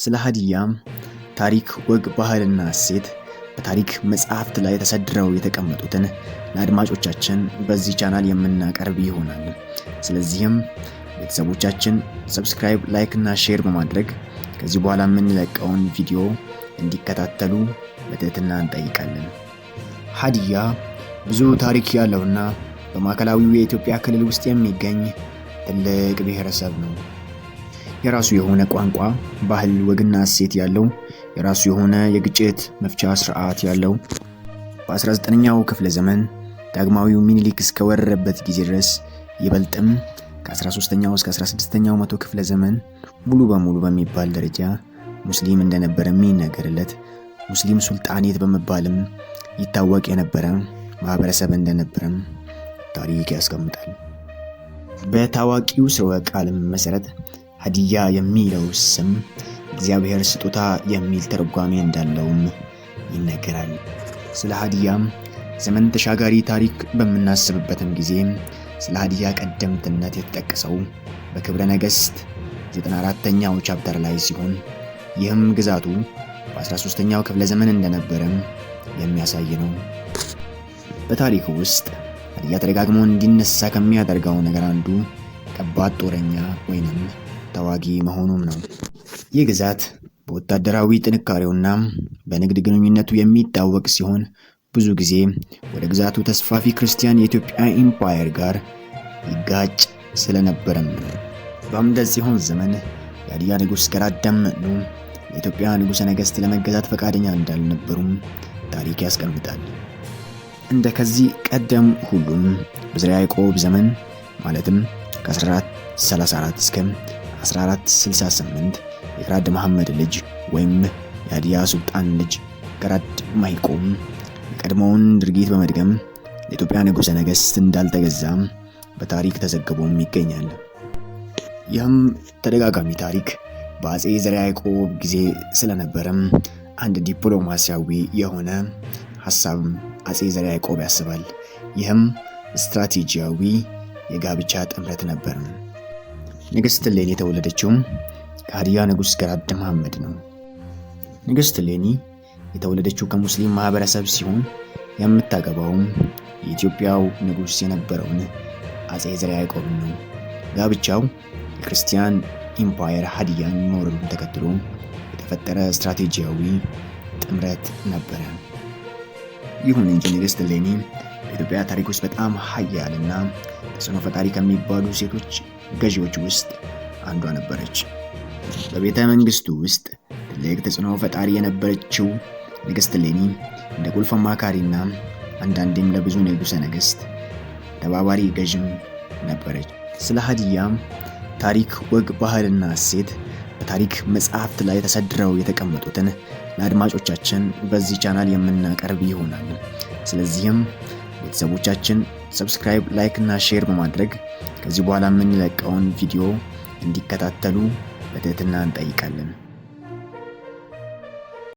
ስለ ሀዲያ ታሪክ፣ ወግ፣ ባህልና እሴት በታሪክ መጽሐፍት ላይ ተሰድረው የተቀመጡትን ለአድማጮቻችን በዚህ ቻናል የምናቀርብ ይሆናል። ስለዚህም ቤተሰቦቻችን ሰብስክራይብ፣ ላይክ እና ሼር በማድረግ ከዚህ በኋላ የምንለቀውን ቪዲዮ እንዲከታተሉ በትህትና እንጠይቃለን። ሀዲያ ብዙ ታሪክ ያለውና በማዕከላዊው የኢትዮጵያ ክልል ውስጥ የሚገኝ ትልቅ ብሔረሰብ ነው። የራሱ የሆነ ቋንቋ፣ ባህል፣ ወግና እሴት ያለው የራሱ የሆነ የግጭት መፍቻ ስርዓት ያለው በ19ኛው ክፍለ ዘመን ዳግማዊው ሚኒሊክ እስከወረረበት ጊዜ ድረስ ይበልጥም ከ13ኛው እስከ 16ኛው መቶ ክፍለ ዘመን ሙሉ በሙሉ በሚባል ደረጃ ሙስሊም እንደነበረ የሚነገርለት ሙስሊም ሱልጣኔት በመባልም ይታወቅ የነበረ ማህበረሰብ እንደነበረም ታሪክ ያስቀምጣል። በታዋቂው ስርወ ቃልም መሰረት ሀዲያ የሚለው ስም እግዚአብሔር ስጦታ የሚል ትርጓሜ እንዳለውም ይነገራል። ስለ ሀዲያም ዘመን ተሻጋሪ ታሪክ በምናስብበትም ጊዜ ስለ ሀዲያ ቀደምትነት የተጠቀሰው በክብረ ነገሥት 94ኛው ቻፕተር ላይ ሲሆን ይህም ግዛቱ በ13ኛው ክፍለ ዘመን እንደነበረም የሚያሳይ ነው። በታሪክ ውስጥ ሀዲያ ተደጋግሞ እንዲነሳ ከሚያደርገው ነገር አንዱ ከባድ ጦረኛ ወይንም ተዋጊ መሆኑም ነው። ይህ ግዛት በወታደራዊ ጥንካሬውና በንግድ ግንኙነቱ የሚታወቅ ሲሆን ብዙ ጊዜ ወደ ግዛቱ ተስፋፊ ክርስቲያን የኢትዮጵያ ኢምፓየር ጋር ይጋጭ ስለነበረም ነው። በአምደ ጽዮን ዘመን የሀዲያ ንጉሥ ገራዳመጡ የኢትዮጵያ ንጉሠ ነገሥት ለመገዛት ፈቃደኛ እንዳልነበሩም ታሪክ ያስቀምጣል። እንደ ከዚህ ቀደም ሁሉም በዘርዓ ያዕቆብ ዘመን ማለትም ከ1434 እስከ 1468 የግራድ መሐመድ ልጅ ወይም የአድያ ሱልጣን ልጅ ክራድ ማይቆም የቀድሞውን ድርጊት በመድገም ለኢትዮጵያ ንጉሠ ነገሥት እንዳልተገዛ በታሪክ ተዘግቦም ይገኛል። ይህም ተደጋጋሚ ታሪክ በአጼ ዘርዓ ያዕቆብ ጊዜ ስለነበረም አንድ ዲፕሎማሲያዊ የሆነ ሀሳብም አጼ ዘርዓ ያዕቆብ ያስባል። ይህም ስትራቴጂያዊ የጋብቻ ጥምረት ነበርም። ንግሥት ሌኒ የተወለደችውም ከሀዲያ ንጉሥ ገራድ መሐመድ ነው። ንግሥት ሌኒ የተወለደችው ከሙስሊም ማህበረሰብ ሲሆን የምታገባውም የኢትዮጵያው ንጉሥ የነበረውን አጼ ዘርዓ ያዕቆብን ነው። ጋብቻው የክርስቲያን ኢምፓየር ሀዲያን መውረዱን ተከትሎ የተፈጠረ ስትራቴጂያዊ ጥምረት ነበረ። ይሁን እንጂ ንግሥት ሌኒ በኢትዮጵያ ታሪክ ውስጥ በጣም ሀያልና ተጽዕኖ ፈጣሪ ከሚባሉ ሴቶች ገዢዎች ውስጥ አንዷ ነበረች። በቤተ መንግስቱ ውስጥ ትልቅ ተጽዕኖ ፈጣሪ የነበረችው ንግስት ሌኒ እንደ ቁልፍ አማካሪና አንዳንዴም ለብዙ ንጉሠ ነገሥት ተባባሪ ገዥም ነበረች። ስለ ሀዲያ ታሪክ፣ ወግ፣ ባህልና እሴት በታሪክ መጽሐፍት ላይ ተሰድረው የተቀመጡትን ለአድማጮቻችን በዚህ ቻናል የምናቀርብ ይሆናል። ስለዚህም ቤተሰቦቻችን ሰብስክራይብ፣ ላይክ እና ሼር በማድረግ ከዚህ በኋላ የምንለቀውን ቪዲዮ እንዲከታተሉ በትህትና እንጠይቃለን።